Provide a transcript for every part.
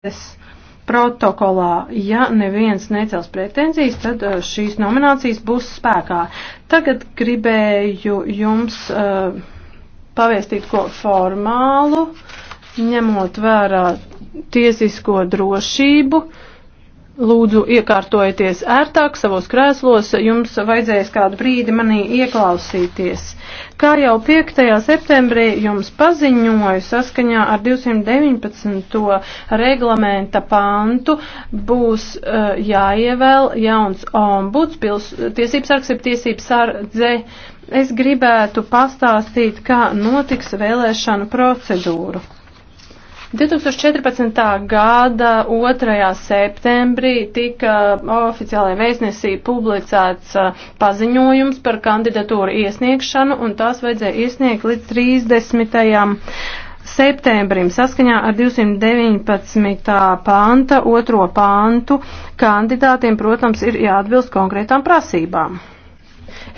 sēdes protokolā. Ja neviens necels pretenzijas, tad uh, šīs nominācijas būs spēkā. Tagad gribēju jums uh, pavēstīt ko formālu, ņemot vērā tiesisko drošību. Lūdzu, iekārtojieties ērtāk savos krēslos, jums vajadzēs kādu brīdi manī ieklausīties. Kā jau 5. septembrī jums paziņoju saskaņā ar 219. reglamenta pantu, būs uh, jāievēl jauns ombuds, pils, tiesības sargs ir tiesības sardze. Es gribētu pastāstīt, kā notiks vēlēšanu procedūru. 2014. gada 2. septembrī tika uh, oficiālajā vēstnesī publicēts uh, paziņojums par kandidatūru iesniegšanu, un tās vajadzēja iesniegt līdz 30 septembrim saskaņā ar 219. panta, otro pantu, kandidātiem, protams, ir jāatbilst konkrētām prasībām.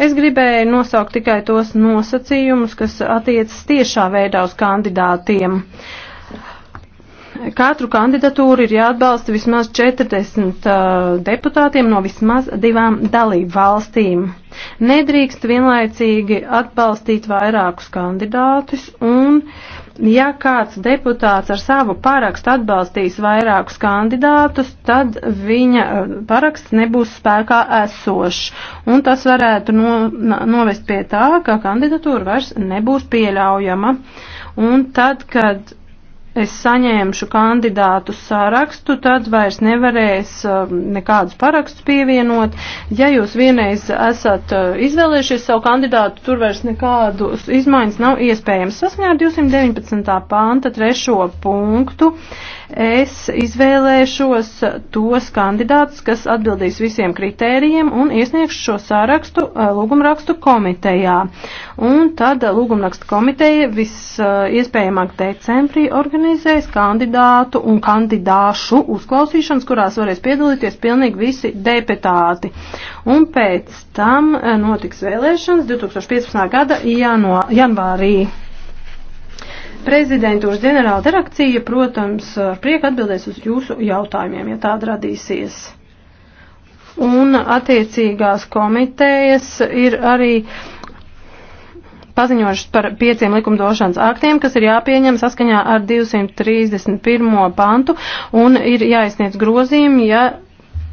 Es gribēju nosaukt tikai tos nosacījumus, kas attiecas tiešā veidā uz kandidātiem. Uh, Katru kandidatūru ir jāatbalsta vismaz 40 uh, deputātiem no vismaz divām dalību valstīm. Nedrīkst vienlaicīgi atbalstīt vairākus kandidātus un, ja kāds deputāts ar savu parakstu atbalstīs vairākus kandidātus, tad viņa paraksts nebūs spēkā esošs. Un tas varētu no, novest pie tā, ka kandidatūra vairs nebūs pieļaujama. Un tad, kad es saņēmšu kandidātu sarakstu, tad vairs nevarēs um, nekādus parakstus pievienot. Ja jūs vienreiz esat uh, izvēlējušies savu kandidātu, tur vairs nekādu izmaiņas nav iespējams. Saskaņā ar 219. panta trešo punktu es izvēlēšos tos kandidātus, kas atbildīs visiem kritērijiem un iesniegšu šo sārakstu eh, lūgumrakstu komitejā. Un tad lūgumrakstu komiteja visiespējamāk eh, decembrī organizēs kandidātu un kandidāšu uzklausīšanas, kurās varēs piedalīties pilnīgi visi deputāti. Un pēc tam eh, notiks vēlēšanas 2015. gada janvārī. Prezidentūras ģenerāla direkcija, protams, ar prieku atbildēs uz jūsu jautājumiem, ja tāda radīsies. Un attiecīgās komitejas ir arī paziņojušas par pieciem likumdošanas aktiem, kas ir jāpieņem saskaņā ar 231. pantu un ir jāizsniedz grozījumi, ja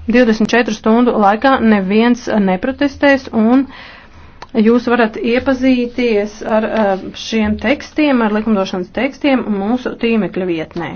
24 stundu laikā neviens neprotestēs un uh, Jūs varat iepazīties ar eh, šiem tekstiem, ar likumdošanas tekstiem mūsu tīmekļa vietnē.